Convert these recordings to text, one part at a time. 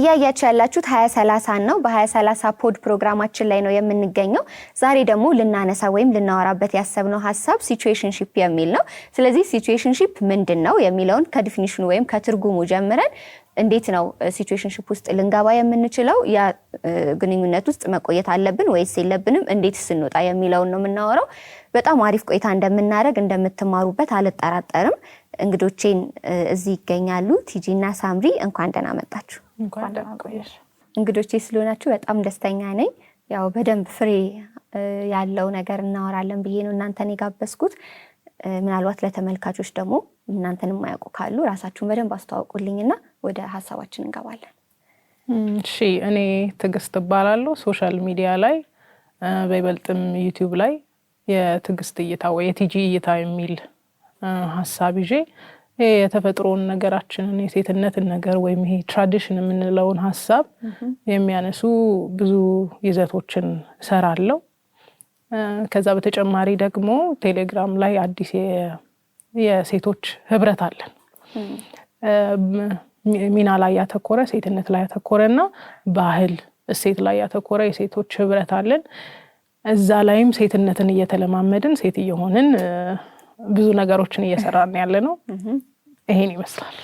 እያያችሁ ያላችሁት ሀያ ሰላሳን ነው። በ ሰላሳ ፖድ ፕሮግራማችን ላይ ነው የምንገኘው። ዛሬ ደግሞ ልናነሳ ወይም ልናወራበት ያሰብነው ሀሳብ ሲቹዌሽንሺፕ የሚል ነው። ስለዚህ ሲቹዌሽንሺፕ ምንድን ነው የሚለውን ከዲፊኒሽኑ ወይም ከትርጉሙ ጀምረን እንዴት ነው ሲቹዌሽንሺፕ ውስጥ ልንገባ የምንችለው? ያ ግንኙነት ውስጥ መቆየት አለብን ወይስ የለብንም? እንዴት ስንወጣ የሚለውን ነው የምናወራው። በጣም አሪፍ ቆይታ እንደምናደርግ እንደምትማሩበት አልጠራጠርም። እንግዶቼን እዚህ ይገኛሉ። ቲጂ እና ሳምሪ እንኳን ደህና መጣችሁ። እንኳን ደህና ቆየሽ። እንግዶቼ ስለሆናችሁ በጣም ደስተኛ ነኝ። ያው በደንብ ፍሬ ያለው ነገር እናወራለን ብዬ ነው እናንተን የጋበዝኩት። ምናልባት ለተመልካቾች ደግሞ እናንተን የማያውቁ ካሉ ራሳችሁን በደንብ አስተዋውቁልኝና ወደ ሀሳባችን እንገባለን። እሺ፣ እኔ ትዕግስት እባላለሁ። ሶሻል ሚዲያ ላይ በይበልጥም ዩቲዩብ ላይ የትዕግስት እይታ ወይ የቲጂ እይታ የሚል ሀሳብ ይዤ ይሄ የተፈጥሮን ነገራችንን የሴትነትን ነገር ወይም ይሄ ትራዲሽን የምንለውን ሀሳብ የሚያነሱ ብዙ ይዘቶችን እሰራለሁ። ከዛ በተጨማሪ ደግሞ ቴሌግራም ላይ አዲስ የሴቶች ህብረት አለን። ሚና ላይ ያተኮረ፣ ሴትነት ላይ ያተኮረ እና ባህል እሴት ላይ ያተኮረ የሴቶች ህብረት አለን። እዛ ላይም ሴትነትን እየተለማመድን ሴት እየሆንን ብዙ ነገሮችን እየሰራን ያለ ነው። ይሄን ይመስላል።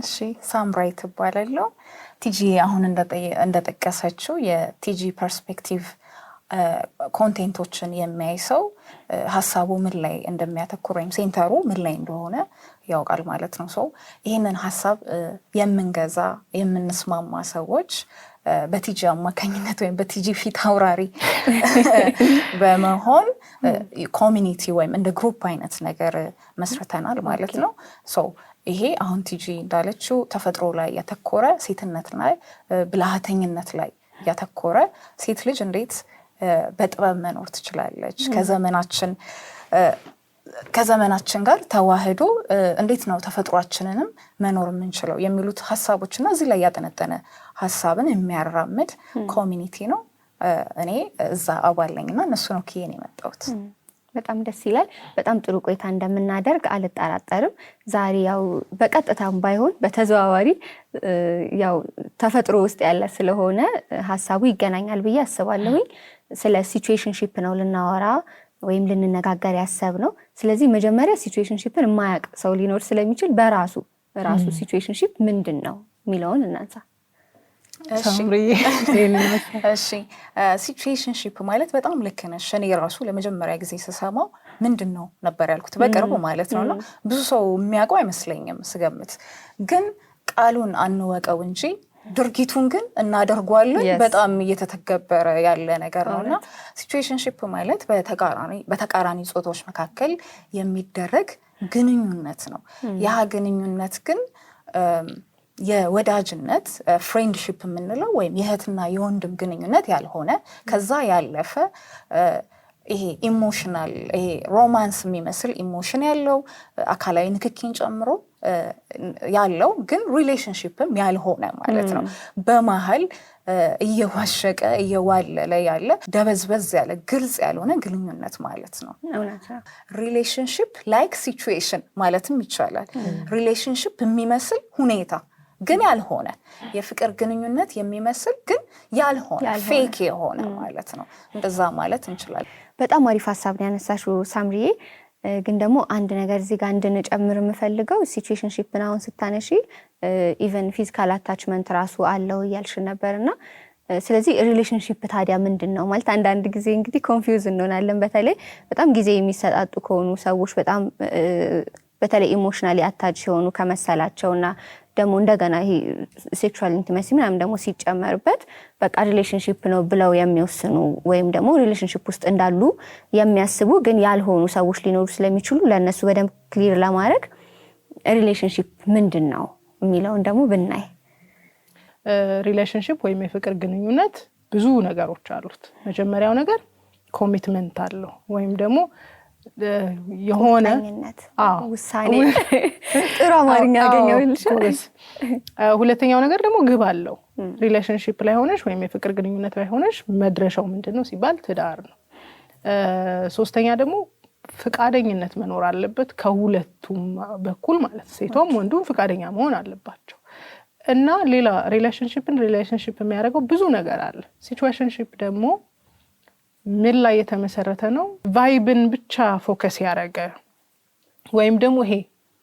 እሺ ሳምራይ ትባላለሁ። ቲጂ አሁን እንደጠቀሰችው የቲጂ ፐርስፔክቲቭ ኮንቴንቶችን የሚያይ ሰው ሀሳቡ ምን ላይ እንደሚያተኩር ወይም ሴንተሩ ምን ላይ እንደሆነ ያውቃል ማለት ነው። ሰው ይህንን ሀሳብ የምንገዛ የምንስማማ ሰዎች በቲጂ አማካኝነት ወይም በቲጂ ፊት አውራሪ በመሆን ኮሚኒቲ ወይም እንደ ግሩፕ አይነት ነገር መስርተናል ማለት ነው። ሶ ይሄ አሁን ቲጂ እንዳለችው ተፈጥሮ ላይ ያተኮረ ሴትነት ላይ ብልሃተኝነት ላይ ያተኮረ ሴት ልጅ እንዴት በጥበብ መኖር ትችላለች ከዘመናችን ከዘመናችን ጋር ተዋህዶ እንዴት ነው ተፈጥሯችንንም መኖር የምንችለው የሚሉት ሀሳቦች እና እዚህ ላይ ያጠነጠነ ሀሳብን የሚያራምድ ኮሚኒቲ ነው። እኔ እዛ አባለኝ እና እነሱ ነው ክዬን የመጣሁት። በጣም ደስ ይላል። በጣም ጥሩ ቆይታ እንደምናደርግ አልጠራጠርም። ዛሬ ያው በቀጥታም ባይሆን በተዘዋዋሪ ያው ተፈጥሮ ውስጥ ያለ ስለሆነ ሀሳቡ ይገናኛል ብዬ አስባለሁኝ። ስለ ሲቹዌሽንሺፕ ነው ልናወራ ወይም ልንነጋገር ያሰብ ነው። ስለዚህ መጀመሪያ ሲቹዌሽንሺፕን የማያውቅ ሰው ሊኖር ስለሚችል በራሱ ራሱ ሲቹዌሽንሺፕ ምንድን ነው የሚለውን እናንሳ። እሺ ማለት በጣም ልክ ነሽ። እኔ ራሱ ለመጀመሪያ ጊዜ ስሰማው ምንድን ነው ነበር ያልኩት፣ በቅርቡ ማለት ነው። እና ብዙ ሰው የሚያውቀው አይመስለኝም ስገምት ግን ቃሉን አንወቀው እንጂ ድርጊቱን ግን እናደርጓለን በጣም እየተተገበረ ያለ ነገር ነው እና ሲቹዌሽንሽፕ ማለት በተቃራኒ ጾታዎች መካከል የሚደረግ ግንኙነት ነው። hmm. ያ ግንኙነት ግን የወዳጅነት ፍሬንድሽፕ የምንለው ወይም የእህትና የወንድም ግንኙነት ያልሆነ ከዛ ያለፈ ይሄ ኢሞሽናል ይሄ ሮማንስ የሚመስል ኢሞሽን ያለው አካላዊ ንክኪን ጨምሮ ያለው ግን ሪሌሽንሽፕም ያልሆነ ማለት ነው። በመሀል እየዋሸቀ እየዋለለ ያለ ደበዝበዝ ያለ ግልጽ ያልሆነ ግንኙነት ማለት ነው። ሪሌሽንሽፕ ላይክ ሲቹዌሽን ማለትም ይቻላል። ሪሌሽንሽፕ የሚመስል ሁኔታ ግን ያልሆነ የፍቅር ግንኙነት የሚመስል ግን ያልሆነ ፌክ የሆነ ማለት ነው። እንደዛ ማለት እንችላለን። በጣም አሪፍ ሀሳብ ነው ያነሳሽው ሳምሪዬ። ግን ደግሞ አንድ ነገር እዚህ ጋር እንድንጨምር የምፈልገው ሲቹዌሽንሺፕን አሁን ስታነሺ ኢቨን ፊዚካል አታችመንት ራሱ አለው እያልሽን ነበር እና ስለዚህ ሪሌሽንሽፕ ታዲያ ምንድን ነው ማለት? አንዳንድ ጊዜ እንግዲህ ኮንፊውዝ እንሆናለን። በተለይ በጣም ጊዜ የሚሰጣጡ ከሆኑ ሰዎች በጣም በተለይ ኢሞሽናሊ አታች የሆኑ ከመሰላቸውና ደግሞ እንደገና ይሄ ሴክሹዋል ኢንቲመሲ ምናምን ደግሞ ሲጨመርበት በቃ ሪሌሽንሽፕ ነው ብለው የሚወስኑ ወይም ደግሞ ሪሌሽንሽፕ ውስጥ እንዳሉ የሚያስቡ ግን ያልሆኑ ሰዎች ሊኖሩ ስለሚችሉ ለእነሱ በደንብ ክሊር ለማድረግ ሪሌሽንሽፕ ምንድን ነው የሚለውን ደግሞ ብናይ ሪሌሽንሽፕ ወይም የፍቅር ግንኙነት ብዙ ነገሮች አሉት። መጀመሪያው ነገር ኮሚትመንት አለው ወይም ደግሞ የሆነ ውሳኔ ጥሩ አማርኛ ያገኘሁልሽ። ሁለተኛው ነገር ደግሞ ግብ አለው። ሪሌሽንሽፕ ላይ ሆነሽ ወይም የፍቅር ግንኙነት ላይ ሆነሽ መድረሻው ምንድን ነው ሲባል ትዳር ነው። ሶስተኛ ደግሞ ፍቃደኝነት መኖር አለበት ከሁለቱም በኩል ማለት ሴቷም ወንዱም ፍቃደኛ መሆን አለባቸው። እና ሌላ ሪሌሽንሽፕን ሪሌሽንሽፕ የሚያደርገው ብዙ ነገር አለ። ሲቹዌሽንሽፕ ደግሞ ምን ላይ የተመሰረተ ነው? ቫይብን ብቻ ፎከስ ያደረገ ወይም ደግሞ ይሄ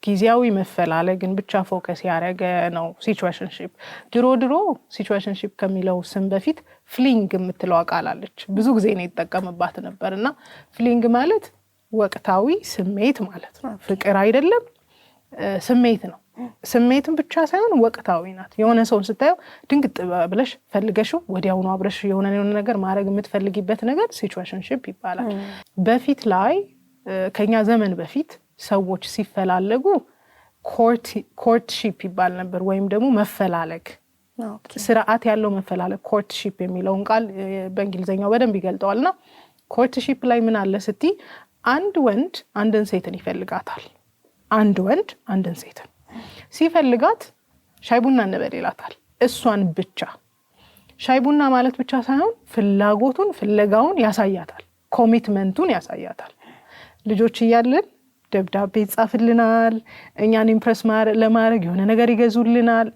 ጊዜያዊ መፈላለግን ብቻ ፎከስ ያደረገ ነው ሲቹዌሽንሺፕ። ድሮ ድሮ ሲቹዌሽንሺፕ ከሚለው ስም በፊት ፍሊንግ የምትለው አቃላለች ብዙ ጊዜ ነው ይጠቀምባት ነበር። እና ፍሊንግ ማለት ወቅታዊ ስሜት ማለት ነው። ፍቅር አይደለም ስሜት ነው። ስሜትን ብቻ ሳይሆን ወቅታዊ ናት። የሆነ ሰውን ስታየው ድንግጥ ብለሽ ፈልገሽው ወዲያውኑ አብረሽ የሆነ የሆነ ነገር ማድረግ የምትፈልጊበት ነገር ሲቹዌሽንሺፕ ይባላል። በፊት ላይ ከኛ ዘመን በፊት ሰዎች ሲፈላለጉ ኮርትሺፕ ይባል ነበር፣ ወይም ደግሞ መፈላለግ ስርዓት ያለው መፈላለግ ኮርትሺፕ የሚለውን ቃል በእንግሊዝኛው በደንብ ይገልጠዋል። እና ኮርትሺፕ ላይ ምን አለ ስቲ አንድ ወንድ አንድን ሴትን ይፈልጋታል አንድ ወንድ አንድን ሴት ሲፈልጋት ሻይ ቡና እንበል ይላታል። እሷን ብቻ ሻይ ቡና ማለት ብቻ ሳይሆን ፍላጎቱን ፍለጋውን ያሳያታል፣ ኮሚትመንቱን ያሳያታል። ልጆች እያለን ደብዳቤ ይጻፍልናል፣ እኛን ኢምፕረስ ለማድረግ የሆነ ነገር ይገዙልናል።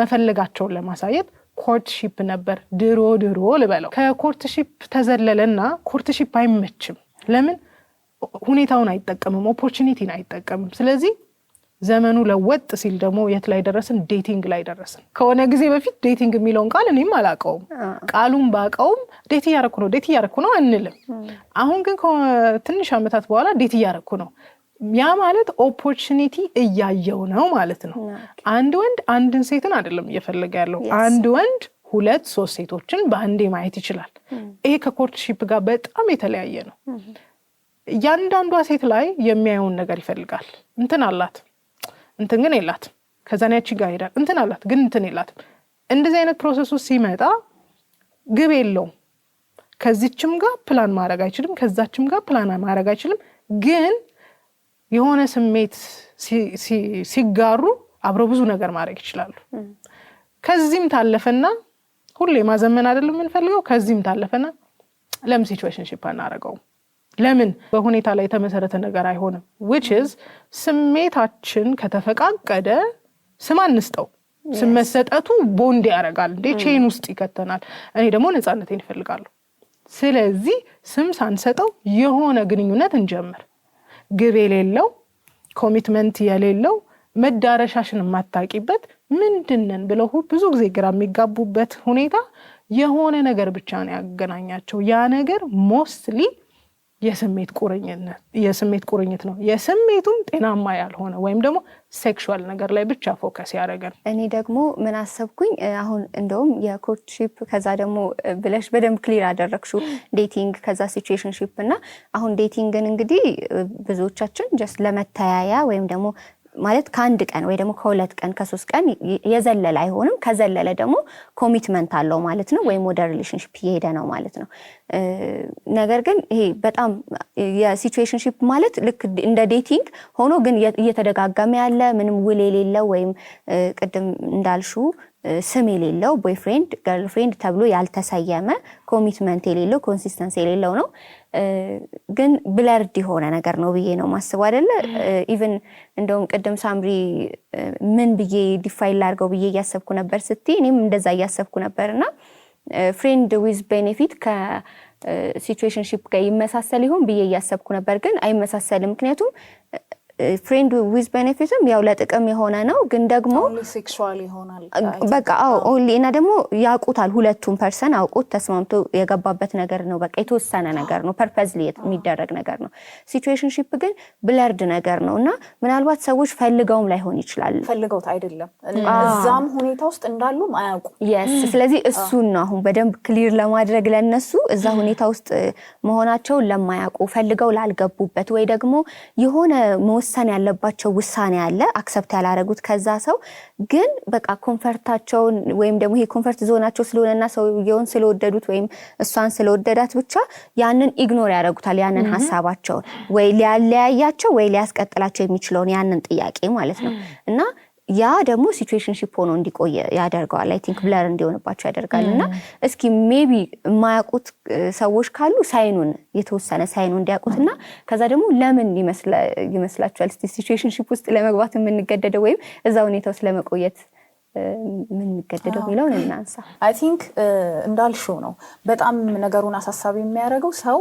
መፈለጋቸውን ለማሳየት ኮርትሺፕ ነበር ድሮ ድሮ ልበለው። ከኮርትሺፕ ተዘለለና ኮርትሺፕ አይመችም። ለምን ሁኔታውን አይጠቀምም፣ ኦፖርቹኒቲን አይጠቀምም። ስለዚህ ዘመኑ ለወጥ ሲል ደግሞ የት ላይ ደረስን? ዴቲንግ ላይ ደረስን። ከሆነ ጊዜ በፊት ዴቲንግ የሚለውን ቃል እኔም አላውቀውም። ቃሉን ባውቀውም ዴት እያረኩ ነው ዴት እያረኩ ነው አንልም። አሁን ግን ትንሽ ዓመታት በኋላ ዴት እያረኩ ነው። ያ ማለት ኦፖርቹኒቲ እያየው ነው ማለት ነው። አንድ ወንድ አንድን ሴትን አይደለም እየፈለገ ያለው። አንድ ወንድ ሁለት ሶስት ሴቶችን በአንዴ ማየት ይችላል። ይሄ ከኮርትሺፕ ጋር በጣም የተለያየ ነው። እያንዳንዷ ሴት ላይ የሚያየውን ነገር ይፈልጋል። እንትን አላት፣ እንትን ግን የላት ከዛኔያች ጋር ሄዳል፣ እንትን አላት፣ ግን እንትን የላት። እንደዚህ አይነት ፕሮሰሱ ሲመጣ ግብ የለውም። ከዚችም ጋር ፕላን ማድረግ አይችልም፣ ከዛችም ጋር ፕላን ማድረግ አይችልም። ግን የሆነ ስሜት ሲጋሩ አብረው ብዙ ነገር ማድረግ ይችላሉ። ከዚህም ታለፈና ሁሌ ማዘመን አይደለም የምንፈልገው። ከዚህም ታለፈና ለምን ሲቹዌሽንሺፕ አናደርገውም? ለምን በሁኔታ ላይ የተመሰረተ ነገር አይሆንም? ዊች ኢዝ ስሜታችን ከተፈቃቀደ ስም አንስጠው። ስመሰጠቱ መሰጠቱ ቦንድ ያደርጋል እንዴ mm. ቼን ውስጥ ይከተናል። እኔ ደግሞ ነፃነቴን ይፈልጋሉ። ስለዚህ ስም ሳንሰጠው የሆነ ግንኙነት እንጀምር። ግብ የሌለው ኮሚትመንት የሌለው መዳረሻሽን የማታቂበት ምንድነን ብለው ብዙ ጊዜ ግራ የሚጋቡበት ሁኔታ የሆነ ነገር ብቻ ነው ያገናኛቸው ያ ነገር ሞስትሊ የስሜት ቁርኝነት የስሜት ቁርኝት ነው። የስሜቱም ጤናማ ያልሆነ ወይም ደግሞ ሴክሹዋል ነገር ላይ ብቻ ፎከስ ያደረገን። እኔ ደግሞ ምን አሰብኩኝ አሁን እንደውም የኮርትሺፕ ከዛ ደግሞ ብለሽ በደንብ ክሊር አደረግሹ ዴቲንግ፣ ከዛ ሲቹዌሽንሺፕ እና አሁን ዴቲንግን እንግዲህ ብዙዎቻችን ጀስት ለመተያያ ወይም ደግሞ ማለት ከአንድ ቀን ወይ ደግሞ ከሁለት ቀን ከሶስት ቀን የዘለለ አይሆንም። ከዘለለ ደግሞ ኮሚትመንት አለው ማለት ነው፣ ወይም ወደ ሪሌሽንሽፕ እየሄደ ነው ማለት ነው። ነገር ግን ይሄ በጣም የሲቹዌሽንሽፕ ማለት ልክ እንደ ዴቲንግ ሆኖ ግን እየተደጋገመ ያለ ምንም ውል የሌለው ወይም ቅድም እንዳልሹ ስም የሌለው ቦይፍሬንድ ገርልፍሬንድ ተብሎ ያልተሰየመ ኮሚትመንት የሌለው ኮንሲስተንስ የሌለው ነው። ግን ብለርድ የሆነ ነገር ነው ብዬ ነው ማስቡ አይደለ። ኢቨን እንደውም ቅድም ሳምሪ ምን ብዬ ዲፋይል ላርገው ብዬ እያሰብኩ ነበር ስቲ እኔም እንደዛ እያሰብኩ ነበር እና ፍሬንድ ዊዝ ቤኔፊት ከሲቹዌሽንሺፕ ጋር ይመሳሰል ይሆን ብዬ እያሰብኩ ነበር፣ ግን አይመሳሰልም። ምክንያቱም ፍሬንድ ዊዝ ቤኔፊትም ያው ለጥቅም የሆነ ነው፣ ግን ደግሞ በቃ አዎ ኦንሊ እና ደግሞ ያውቁታል፣ ሁለቱም ፐርሰን አውቁት ተስማምቶ የገባበት ነገር ነው። በቃ የተወሰነ ነገር ነው፣ ፐርፐዝ የሚደረግ ነገር ነው። ሲቹዌሽንሺፕ ግን ብለርድ ነገር ነው እና ምናልባት ሰዎች ፈልገውም ላይሆን ይችላል፣ ፈልገውት አይደለም፣ እዛም ሁኔታ ውስጥ እንዳሉም አያውቁ የስ ስለዚህ እሱን ነው አሁን በደንብ ክሊር ለማድረግ ለነሱ እዛ ሁኔታ ውስጥ መሆናቸውን ለማያውቁ ፈልገው ላልገቡበት ወይ ደግሞ የሆነ መወሰን ያለባቸው ውሳኔ አለ። አክሰብት ያላረጉት ከዛ ሰው ግን በቃ ኮንፈርታቸውን ወይም ደግሞ ይሄ ኮንፈርት ዞናቸው ስለሆነና ሰውየውን ስለወደዱት ወይም እሷን ስለወደዳት ብቻ ያንን ኢግኖር ያደረጉታል። ያንን ሀሳባቸውን ወይ ሊያለያያቸው ወይ ሊያስቀጥላቸው የሚችለውን ያንን ጥያቄ ማለት ነው እና ያ ደግሞ ሲትዌሽንሽፕ ሆኖ እንዲቆየ ያደርገዋል። አይ ቲንክ ብለር እንዲሆንባቸው ያደርጋል። እና mm. እስኪ ሜቢ የማያውቁት ሰዎች ካሉ ሳይኑን የተወሰነ ሳይኑ እንዲያውቁት እና ከዛ ደግሞ ለምን ይመስላችኋል እስኪ ሲቹዌሽንሺፕ ውስጥ ለመግባት የምንገደደው ወይም እዛ ሁኔታ ውስጥ ለመቆየት የምንገደደው የሚለውን እናንሳ። አይ ቲንክ እንዳልሽው ነው። በጣም ነገሩን አሳሳቢ የሚያደርገው ሰው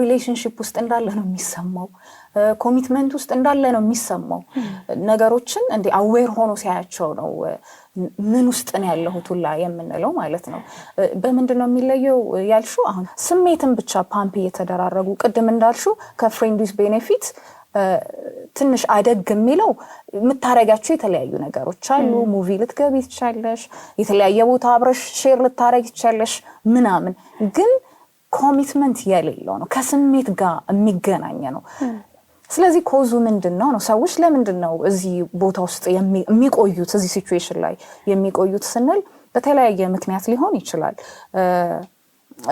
ሪሌሽንሽፕ ውስጥ እንዳለ ነው የሚሰማው ኮሚትመንት ውስጥ እንዳለ ነው የሚሰማው። ነገሮችን እንደ አዌር ሆኖ ሲያያቸው ነው ምን ውስጥ ነው ያለሁት ሁላ የምንለው ማለት ነው። በምንድን ነው የሚለየው ያልሹ፣ አሁን ስሜትን ብቻ ፓምፕ እየተደራረጉ ቅድም እንዳልሹ ከፍሬንዲስ ቤኔፊት ትንሽ አደግ የሚለው የምታረጋቸው የተለያዩ ነገሮች አሉ። ሙቪ ልትገቢ ትቻለሽ፣ የተለያየ ቦታ አብረሽ ሼር ልታረግ ትቻለሽ ምናምን፣ ግን ኮሚትመንት የሌለው ነው። ከስሜት ጋር የሚገናኝ ነው። ስለዚህ ኮዙ ምንድን ነው ነው? ሰዎች ለምንድን ነው እዚህ ቦታ ውስጥ የሚቆዩት እዚህ ሲትዌሽን ላይ የሚቆዩት ስንል በተለያየ ምክንያት ሊሆን ይችላል።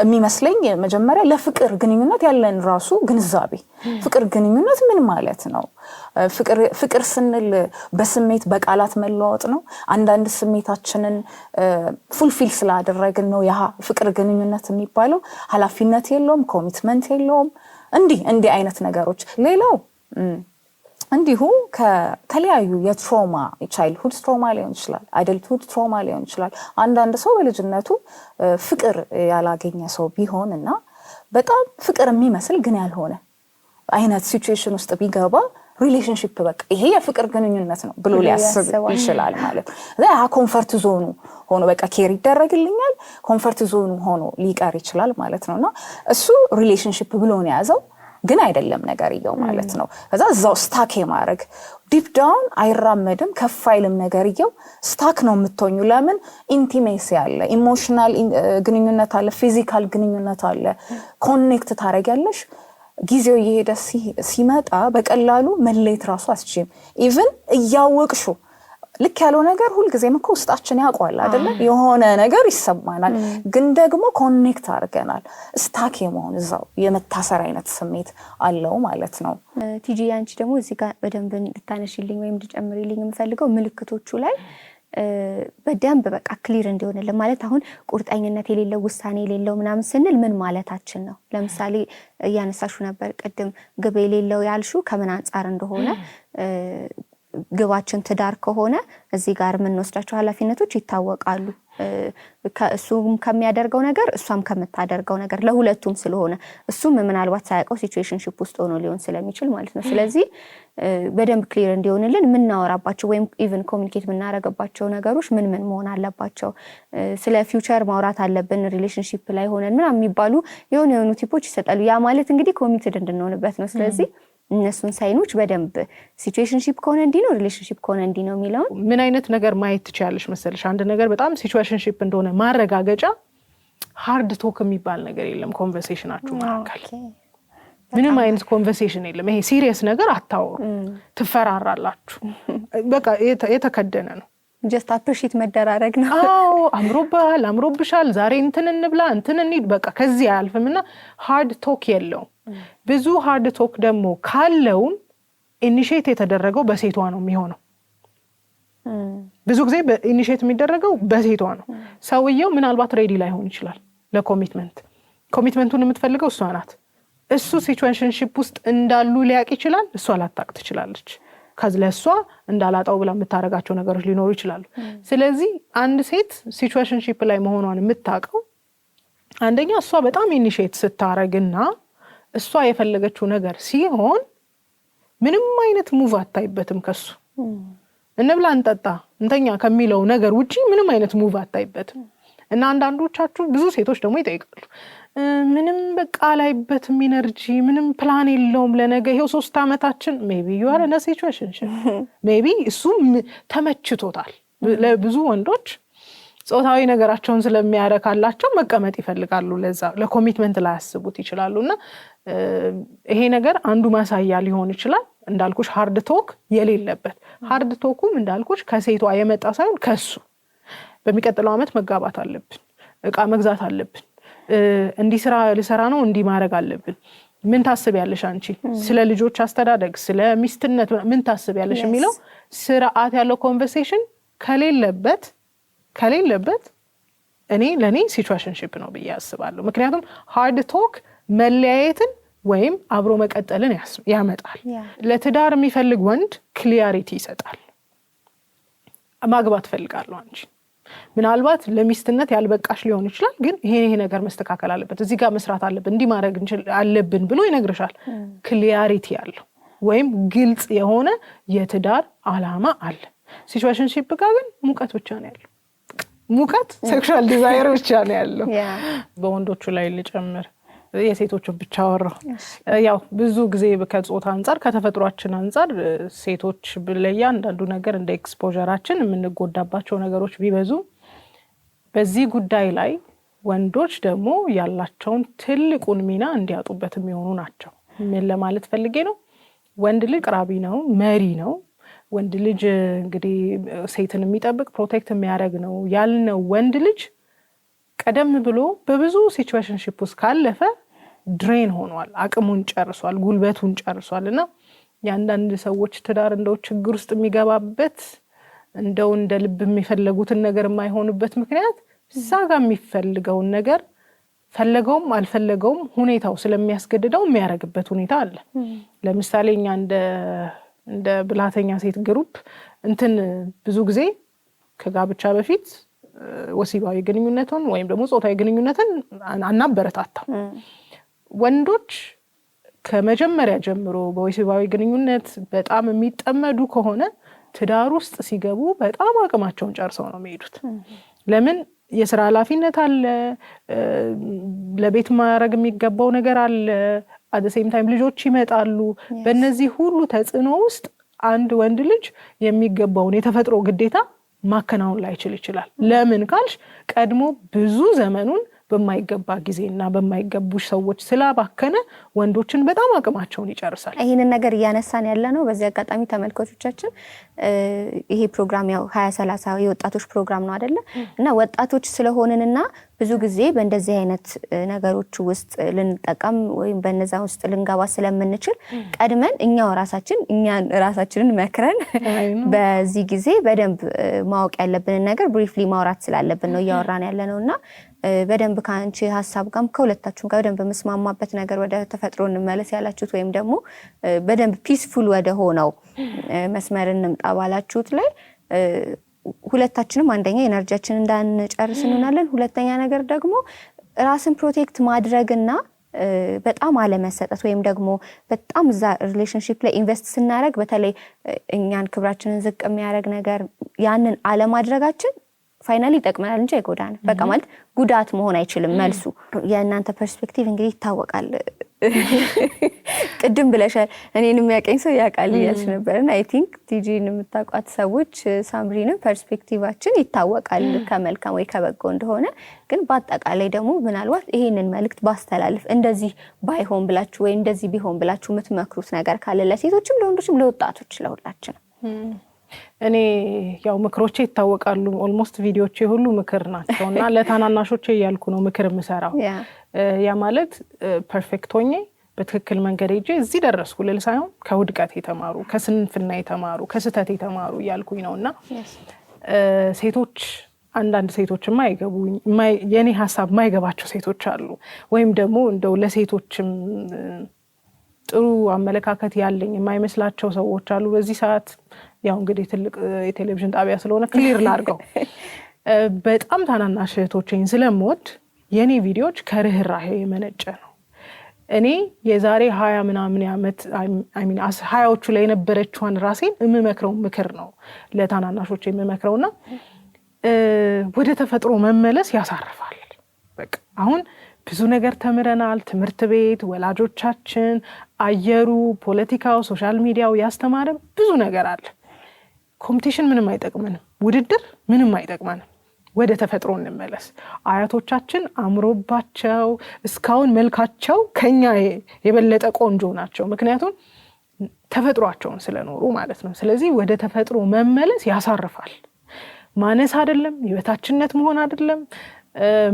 የሚመስለኝ መጀመሪያ ለፍቅር ግንኙነት ያለን ራሱ ግንዛቤ፣ ፍቅር ግንኙነት ምን ማለት ነው? ፍቅር ስንል በስሜት በቃላት መለዋወጥ ነው። አንዳንድ ስሜታችንን ፉልፊል ስላደረግን ነው ያ ፍቅር ግንኙነት የሚባለው። ኃላፊነት የለውም፣ ኮሚትመንት የለውም። እንዲህ እንዲህ አይነት ነገሮች ሌላው እንዲሁ ከተለያዩ የትሮማ ቻይልድሁድ ትሮማ ሊሆን ይችላል፣ አደልትሁድ ትሮማ ሊሆን ይችላል። አንዳንድ ሰው በልጅነቱ ፍቅር ያላገኘ ሰው ቢሆን እና በጣም ፍቅር የሚመስል ግን ያልሆነ አይነት ሲቹዌሽን ውስጥ ቢገባ ሪሌሽንሽፕ በቃ ይሄ የፍቅር ግንኙነት ነው ብሎ ሊያስብ ይችላል ማለት ነው። ኮንፈርት ዞኑ ሆኖ በቃ ኬር ይደረግልኛል ኮንፈርት ዞኑ ሆኖ ሊቀር ይችላል ማለት ነው እና እሱ ሪሌሽንሽፕ ብሎ ነው የያዘው ግን አይደለም ነገርየው ማለት ነው። ከዛ እዛው ስታክ የማድረግ ዲፕ ዳውን አይራመድም ከፍ አይልም ነገርየው። ስታክ ነው የምትኙ ለምን ኢንቲሜሲ አለ፣ ኢሞሽናል ግንኙነት አለ፣ ፊዚካል ግንኙነት አለ። ኮኔክት ታደርጊያለሽ። ጊዜው እየሄደ ሲመጣ በቀላሉ መለየት ራሱ አስችም ኢቨን እያወቅሹ ልክ ያለው ነገር ሁልጊዜም እኮ ውስጣችን ያውቋል አይደለ? የሆነ ነገር ይሰማናል፣ ግን ደግሞ ኮኔክት አድርገናል። ስታክ የመሆን እዛው የመታሰር አይነት ስሜት አለው ማለት ነው። ቲጂ አንቺ ደግሞ እዚህ ጋር በደንብ እንድታነሽልኝ ወይም እንድጨምርልኝ የምፈልገው ምልክቶቹ ላይ በደንብ በቃ ክሊር እንዲሆንልን ማለት አሁን ቁርጠኝነት የሌለው ውሳኔ የሌለው ምናምን ስንል ምን ማለታችን ነው? ለምሳሌ እያነሳሹ ነበር ቅድም ግብ የሌለው ያልሹ ከምን አንጻር እንደሆነ ግባችን ትዳር ከሆነ እዚህ ጋር የምንወስዳቸው ኃላፊነቶች ይታወቃሉ። እሱም ከሚያደርገው ነገር እሷም ከምታደርገው ነገር ለሁለቱም ስለሆነ እሱም ምናልባት ሳያውቀው ሲቹዌሽንሽፕ ውስጥ ሆኖ ሊሆን ስለሚችል ማለት ነው። ስለዚህ በደንብ ክሊር እንዲሆንልን የምናወራባቸው ወይም ኢቨን ኮሚኒኬት የምናደርግባቸው ነገሮች ምን ምን መሆን አለባቸው፣ ስለ ፊውቸር ማውራት አለብን፣ ሪሌሽንሽፕ ላይ ሆነን ምናምን የሚባሉ የሆኑ የሆኑ ቲፖች ይሰጣሉ። ያ ማለት እንግዲህ ኮሚትድ እንድንሆንበት ነው። ስለዚህ እነሱን ሳይኖች በደንብ ሲቹዌሽንሺፕ ከሆነ እንዲህ ነው፣ ሪሌሽንሺፕ ከሆነ እንዲ ነው የሚለውን ምን አይነት ነገር ማየት ትችላለች መሰለሽ? አንድ ነገር በጣም ሲቹዌሽንሺፕ እንደሆነ ማረጋገጫ ሀርድ ቶክ የሚባል ነገር የለም። ኮንቨርሴሽናችሁ መካከል ምንም አይነት ኮንቨርሴሽን የለም። ይሄ ሲሪየስ ነገር አታወሩ፣ ትፈራራላችሁ። በቃ የተከደነ ነው። ጀስት አፕሪሺት መደራረግ ነው። አዎ አምሮብሃል፣ አምሮብሻል፣ ዛሬ እንትን እንብላ፣ እንትን እንሂድ፣ በቃ ከዚህ አያልፍም እና ሃርድ ቶክ የለውም። ብዙ ሃርድ ቶክ ደግሞ ካለውም ኢኒሼት የተደረገው በሴቷ ነው የሚሆነው። ብዙ ጊዜ ኢኒሼት የሚደረገው በሴቷ ነው። ሰውየው ምናልባት ሬዲ ላይሆን ይችላል ለኮሚትመንት። ኮሚትመንቱን የምትፈልገው እሷ ናት። እሱ ሲቹዌሽንሺፕ ውስጥ እንዳሉ ሊያውቅ ይችላል፣ እሷ ላታውቅ ትችላለች። ከዚህ ለእሷ እንዳላጣው ብላ የምታደረጋቸው ነገሮች ሊኖሩ ይችላሉ። ስለዚህ አንድ ሴት ሲቹዌሽንሺፕ ላይ መሆኗን የምታውቀው አንደኛ እሷ በጣም ኢኒሽት ስታረግና እሷ የፈለገችው ነገር ሲሆን ምንም አይነት ሙቭ አታይበትም ከሱ እንብላ እንጠጣ እንተኛ ከሚለው ነገር ውጪ ምንም አይነት ሙቭ አታይበትም። እና አንዳንዶቻችሁ ብዙ ሴቶች ደግሞ ይጠይቃሉ ምንም በቃ ላይበትም ኢነርጂ ምንም ፕላን የለውም ለነገ። ይሄው ሶስት ዓመታችን ቢ ዩአር ነ ቢ እሱም ተመችቶታል። ለብዙ ወንዶች ጾታዊ ነገራቸውን ስለሚያረካላቸው መቀመጥ ይፈልጋሉ። ለዛ ለኮሚትመንት ላያስቡት ይችላሉ። እና ይሄ ነገር አንዱ ማሳያ ሊሆን ይችላል። እንዳልኩሽ ሀርድ ቶክ የሌለበት ሀርድ ቶኩም እንዳልኩሽ ከሴቷ የመጣ ሳይሆን ከሱ በሚቀጥለው ዓመት መጋባት አለብን፣ እቃ መግዛት አለብን እንዲህ ስራ ልሰራ ነው እንዲህ ማድረግ አለብን። ምን ታስቢያለሽ አንቺ ስለ ልጆች አስተዳደግ፣ ስለ ሚስትነት ምን ታስቢያለሽ የሚለው ስርዓት ያለው ኮንቨርሴሽን ከሌለበት ከሌለበት እኔ ለእኔ ሲቹዌሽንሺፕ ነው ብዬ አስባለሁ። ምክንያቱም ሃርድ ቶክ መለያየትን ወይም አብሮ መቀጠልን ያመጣል። ለትዳር የሚፈልግ ወንድ ክሊያሪቲ ይሰጣል። ማግባት ፈልጋለሁ አንቺ ምናልባት ለሚስትነት ያልበቃሽ ሊሆን ይችላል፣ ግን ይሄ ይሄ ነገር መስተካከል አለበት፣ እዚህ ጋር መስራት አለብን፣ እንዲህ ማድረግ አለብን ብሎ ይነግርሻል። ክሊያሪቲ ያለው ወይም ግልጽ የሆነ የትዳር አላማ አለ። ሲቹዌሽንሺፕ ጋር ግን ሙቀት ብቻ ነው ያለው። ሙቀት ሴክሹዋል ዲዛይር ብቻ ነው ያለው። በወንዶቹ ላይ ልጨምር የሴቶችን ብቻ አወራሁ። ያው ብዙ ጊዜ ከጾታ አንጻር ከተፈጥሯችን አንጻር ሴቶች አንዳንዱ ነገር እንደ ኤክስፖዠራችን የምንጎዳባቸው ነገሮች ቢበዙ በዚህ ጉዳይ ላይ ወንዶች ደግሞ ያላቸውን ትልቁን ሚና እንዲያጡበት የሚሆኑ ናቸው። ምን ለማለት ፈልጌ ነው? ወንድ ልጅ አቅራቢ ነው፣ መሪ ነው። ወንድ ልጅ እንግዲህ ሴትን የሚጠብቅ ፕሮቴክት የሚያደርግ ነው ያልነው ወንድ ልጅ ቀደም ብሎ በብዙ ሲቹዌሽንሺፕ ውስጥ ካለፈ ድሬን ሆኗል፣ አቅሙን ጨርሷል፣ ጉልበቱን ጨርሷል። እና የአንዳንድ ሰዎች ትዳር እንደው ችግር ውስጥ የሚገባበት እንደው እንደ ልብ የሚፈለጉትን ነገር የማይሆንበት ምክንያት እዛ ጋር የሚፈልገውን ነገር ፈለገውም አልፈለገውም ሁኔታው ስለሚያስገድደው የሚያደርግበት ሁኔታ አለ። ለምሳሌ እኛ እንደ ብላተኛ ሴት ግሩፕ እንትን ብዙ ጊዜ ከጋብቻ በፊት ወሲባዊ ግንኙነትን ወይም ደግሞ ፆታዊ ግንኙነትን አናበረታታ። ወንዶች ከመጀመሪያ ጀምሮ በወሲባዊ ግንኙነት በጣም የሚጠመዱ ከሆነ ትዳር ውስጥ ሲገቡ በጣም አቅማቸውን ጨርሰው ነው የሚሄዱት። ለምን? የስራ ኃላፊነት አለ፣ ለቤት ማድረግ የሚገባው ነገር አለ፣ አደሴም ታይም ልጆች ይመጣሉ። በእነዚህ ሁሉ ተጽዕኖ ውስጥ አንድ ወንድ ልጅ የሚገባውን የተፈጥሮ ግዴታ ማከናወን ላይችል ይችላል። ለምን ካልሽ ቀድሞ ብዙ ዘመኑን በማይገባ ጊዜና በማይገቡ ሰዎች ስላባከነ ወንዶችን በጣም አቅማቸውን ይጨርሳል። ይህንን ነገር እያነሳን ያለ ነው። በዚህ አጋጣሚ ተመልካቾቻችን ይሄ ፕሮግራም ያው ሀያ ሰላሳ የወጣቶች ፕሮግራም ነው አደለ? እና ወጣቶች ስለሆንንና ብዙ ጊዜ በእንደዚህ አይነት ነገሮች ውስጥ ልንጠቀም ወይም በነዛ ውስጥ ልንገባ ስለምንችል ቀድመን እኛው ራሳችን እኛን ራሳችንን መክረን በዚህ ጊዜ በደንብ ማወቅ ያለብንን ነገር ብሪፍሊ ማውራት ስላለብን ነው እያወራን ያለ ነው እና በደንብ ከአንቺ ሀሳብ ጋርም ከሁለታችሁም ጋር በደንብ የምስማማበት ነገር ወደ ተፈጥሮ እንመለስ ያላችሁት ወይም ደግሞ በደንብ ፒስፉል ወደ ሆነው መስመር እንምጣ ባላችሁት ላይ ሁለታችንም አንደኛ ኤነርጂያችን እንዳንጨርስ እንሆናለን። ሁለተኛ ነገር ደግሞ ራስን ፕሮቴክት ማድረግና በጣም አለመሰጠት ወይም ደግሞ በጣም እዛ ሪሌሽንሽፕ ላይ ኢንቨስት ስናደረግ በተለይ እኛን ክብራችንን ዝቅ የሚያደረግ ነገር ያንን አለማድረጋችን ፋይናሊ ይጠቅመናል እንጂ አይጎዳን። በቃ ማለት ጉዳት መሆን አይችልም መልሱ። የእናንተ ፐርስፔክቲቭ እንግዲህ ይታወቃል። ቅድም ብለሻል፣ እኔን የሚያቀኝ ሰው ያውቃል እያልሽ ነበር አይ ቲንክ ቲጂን የምታውቋት ሰዎች ሳምሪንም ፐርስፔክቲቫችን ይታወቃል ከመልካም ወይ ከበጎ እንደሆነ። ግን በአጠቃላይ ደግሞ ምናልባት ይሄንን መልእክት ባስተላልፍ እንደዚህ ባይሆን ብላችሁ ወይ እንደዚህ ቢሆን ብላችሁ የምትመክሩት ነገር ካለ ለሴቶችም፣ ለወንዶችም፣ ለወጣቶች ለሁላችንም እኔ ያው ምክሮቼ ይታወቃሉ። ኦልሞስት ቪዲዮቼ ሁሉ ምክር ናቸው እና ለታናናሾቼ እያልኩ ነው ምክር የምሰራው። ያ ማለት ፐርፌክት ሆኜ በትክክል መንገድ ሄጄ እዚህ ደረስኩ ልል ሳይሆን ከውድቀት የተማሩ ከስንፍና የተማሩ ከስህተት የተማሩ እያልኩኝ ነው እና ሴቶች አንዳንድ ሴቶች የማይገቡ የእኔ ሀሳብ የማይገባቸው ሴቶች አሉ ወይም ደግሞ እንደው ለሴቶችም ጥሩ አመለካከት ያለኝ የማይመስላቸው ሰዎች አሉ። በዚህ ሰዓት ያው እንግዲህ ትልቅ የቴሌቪዥን ጣቢያ ስለሆነ ክሊር ላድርገው፣ በጣም ታናናሽ እህቶቼን ስለምወድ የእኔ ቪዲዮዎች ከርህራሄ የመነጨ ነው። እኔ የዛሬ ሀያ ምናምን ዓመት ሀያዎቹ ላይ የነበረችዋን ራሴን የምመክረው ምክር ነው ለታናናሾች የምመክረውና ወደ ተፈጥሮ መመለስ ያሳርፋል። በቃ አሁን ብዙ ነገር ተምረናል። ትምህርት ቤት፣ ወላጆቻችን፣ አየሩ፣ ፖለቲካው፣ ሶሻል ሚዲያው ያስተማረ ብዙ ነገር አለ። ኮምፒቲሽን ምንም አይጠቅመንም። ውድድር ምንም አይጠቅመንም። ወደ ተፈጥሮ እንመለስ። አያቶቻችን አምሮባቸው እስካሁን መልካቸው ከኛ የበለጠ ቆንጆ ናቸው፣ ምክንያቱም ተፈጥሯቸውን ስለኖሩ ማለት ነው። ስለዚህ ወደ ተፈጥሮ መመለስ ያሳርፋል። ማነስ አይደለም፣ የበታችነት መሆን አይደለም።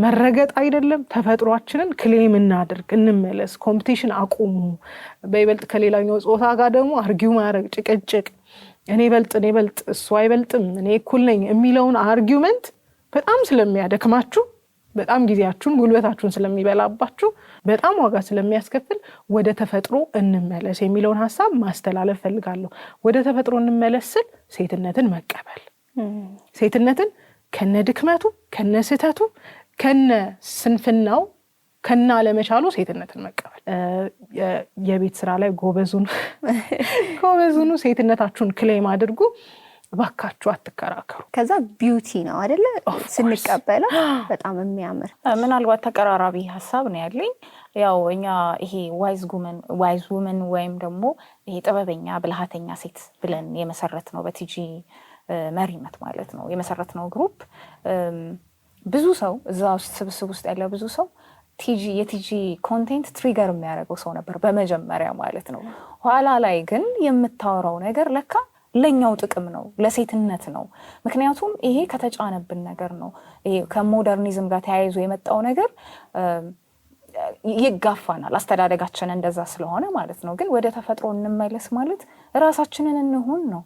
መረገጥ አይደለም። ተፈጥሯችንን ክሌም እናድርግ፣ እንመለስ፣ ኮምፒቲሽን አቁሙ። በይበልጥ ከሌላኛው ጾታ ጋር ደግሞ አርጊው ማድረግ፣ ጭቅጭቅ፣ እኔ በልጥ እኔ በልጥ እሱ አይበልጥም እኔ እኩል ነኝ የሚለውን አርጊመንት በጣም ስለሚያደክማችሁ፣ በጣም ጊዜያችሁን ጉልበታችሁን ስለሚበላባችሁ፣ በጣም ዋጋ ስለሚያስከፍል ወደ ተፈጥሮ እንመለስ የሚለውን ሀሳብ ማስተላለፍ ፈልጋለሁ። ወደ ተፈጥሮ እንመለስ ስል ሴትነትን መቀበል ሴትነትን ከነ ድክመቱ፣ ከነ ስህተቱ፣ ከነ ስንፍናው ከና ለመቻሉ ሴትነትን መቀበል የቤት ስራ ላይ ጎበዙኑ ጎበዙኑ ሴትነታችሁን ክሌም አድርጉ። ባካችሁ አትከራከሩ። ከዛ ቢዩቲ ነው አደለ ስንቀበለው በጣም የሚያምር ምናልባት ተቀራራቢ ሀሳብ ነው ያለኝ። ያው እኛ ይሄ ዋይዝ ጉመን ዋይዝ ውመን ወይም ደግሞ ይሄ ጥበበኛ ብልሃተኛ ሴት ብለን የመሰረት ነው በቲጂ መሪነት ማለት ነው የመሰረትነው ግሩፕ ብዙ ሰው እዛ ውስጥ ስብስብ ውስጥ ያለ ብዙ ሰው ቲጂ የቲጂ ኮንቴንት ትሪገር የሚያደርገው ሰው ነበር በመጀመሪያ ማለት ነው። ኋላ ላይ ግን የምታወራው ነገር ለካ ለኛው ጥቅም ነው፣ ለሴትነት ነው። ምክንያቱም ይሄ ከተጫነብን ነገር ነው። ከሞደርኒዝም ጋር ተያይዞ የመጣው ነገር ይጋፋናል፣ አስተዳደጋችን እንደዛ ስለሆነ ማለት ነው። ግን ወደ ተፈጥሮ እንመለስ ማለት ራሳችንን እንሁን ነው።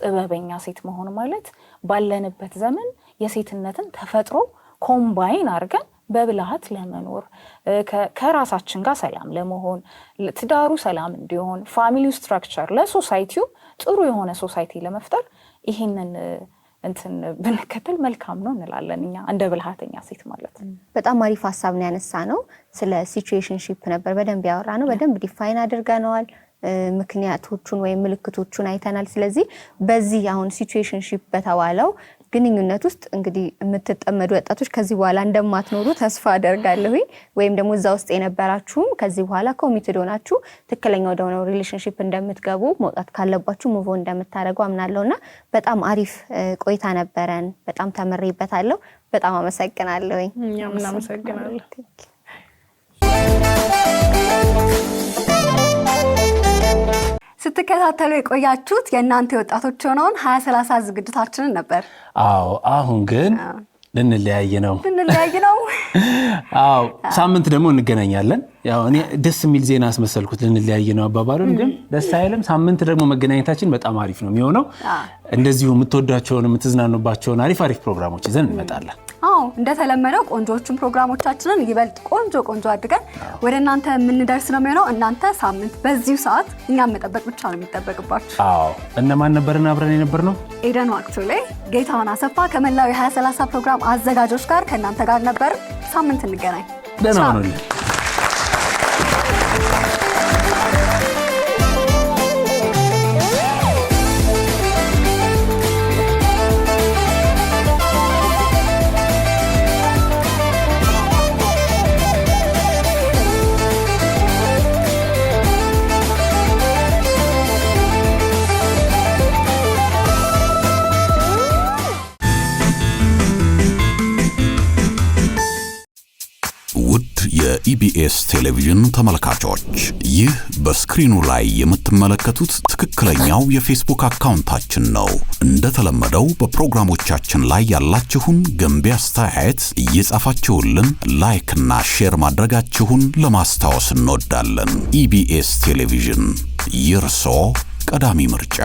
ጥበበኛ ሴት መሆን ማለት ባለንበት ዘመን የሴትነትን ተፈጥሮ ኮምባይን አድርገን በብልሃት ለመኖር ከራሳችን ጋር ሰላም ለመሆን ትዳሩ ሰላም እንዲሆን ፋሚሊው ስትራክቸር ለሶሳይቲው ጥሩ የሆነ ሶሳይቲ ለመፍጠር ይህንን እንትን ብንከተል መልካም ነው እንላለን እኛ እንደ ብልሃተኛ ሴት ማለት ነው። በጣም አሪፍ ሀሳብ ነው ያነሳ ነው። ስለ ሲቹዌሽንሺፕ ነበር በደንብ ያወራ ነው። በደንብ ዲፋይን አድርገነዋል። ምክንያቶቹን ወይም ምልክቶቹን አይተናል። ስለዚህ በዚህ አሁን ሲቹዌሽንሺፕ በተባለው ግንኙነት ውስጥ እንግዲህ የምትጠመዱ ወጣቶች ከዚህ በኋላ እንደማትኖሩ ተስፋ አደርጋለሁ። ወይም ደግሞ እዛ ውስጥ የነበራችሁም ከዚህ በኋላ ኮሚትድ ሆናችሁ ትክክለኛ ወደሆነ ሪሌሽንሽፕ እንደምትገቡ መውጣት ካለባችሁ ሙቮ እንደምታደርጉ አምናለሁ እና በጣም አሪፍ ቆይታ ነበረን። በጣም ተምሬበታለሁ። በጣም አመሰግናለሁኝ። እናመሰግናለሁ። ስትከታተሉ የቆያችሁት የእናንተ የወጣቶች የሆነውን ሀያ ሰላሳ ዝግጅታችንን ነበር። አዎ አሁን ግን ልንለያይ ነው፣ ልንለያይ ነው። አዎ ሳምንት ደግሞ እንገናኛለን። ያው እኔ ደስ የሚል ዜና አስመሰልኩት፣ ልንለያይ ነው አባባሉን፣ ግን ደስ አይልም። ሳምንት ደግሞ መገናኘታችን በጣም አሪፍ ነው የሚሆነው። እንደዚሁ የምትወዷቸውን የምትዝናኑባቸውን አሪፍ አሪፍ ፕሮግራሞች ይዘን እንመጣለን። አዎ እንደተለመደው ቆንጆዎቹን ፕሮግራሞቻችንን ይበልጥ ቆንጆ ቆንጆ አድርገን ወደ እናንተ የምንደርስ ነው የሚሆነው። እናንተ ሳምንት በዚሁ ሰዓት እኛም መጠበቅ ብቻ ነው የሚጠበቅባችሁ። አዎ እነማን ነበርን አብረን የነበር ነው? ኤደን ዋቅቱ ላይ ጌታውን አሰፋ ከመላው የ2030 ፕሮግራም አዘጋጆች ጋር ከእናንተ ጋር ነበር። ሳምንት እንገናኝ። ደህና ኤስቢኤስ ቴሌቪዥን ተመልካቾች ይህ በስክሪኑ ላይ የምትመለከቱት ትክክለኛው የፌስቡክ አካውንታችን ነው። እንደተለመደው በፕሮግራሞቻችን ላይ ያላችሁን ገንቢ አስተያየት እየጻፋችሁልን ላይክና ሼር ማድረጋችሁን ለማስታወስ እንወዳለን። ኢቢኤስ ቴሌቪዥን የርሶ ቀዳሚ ምርጫ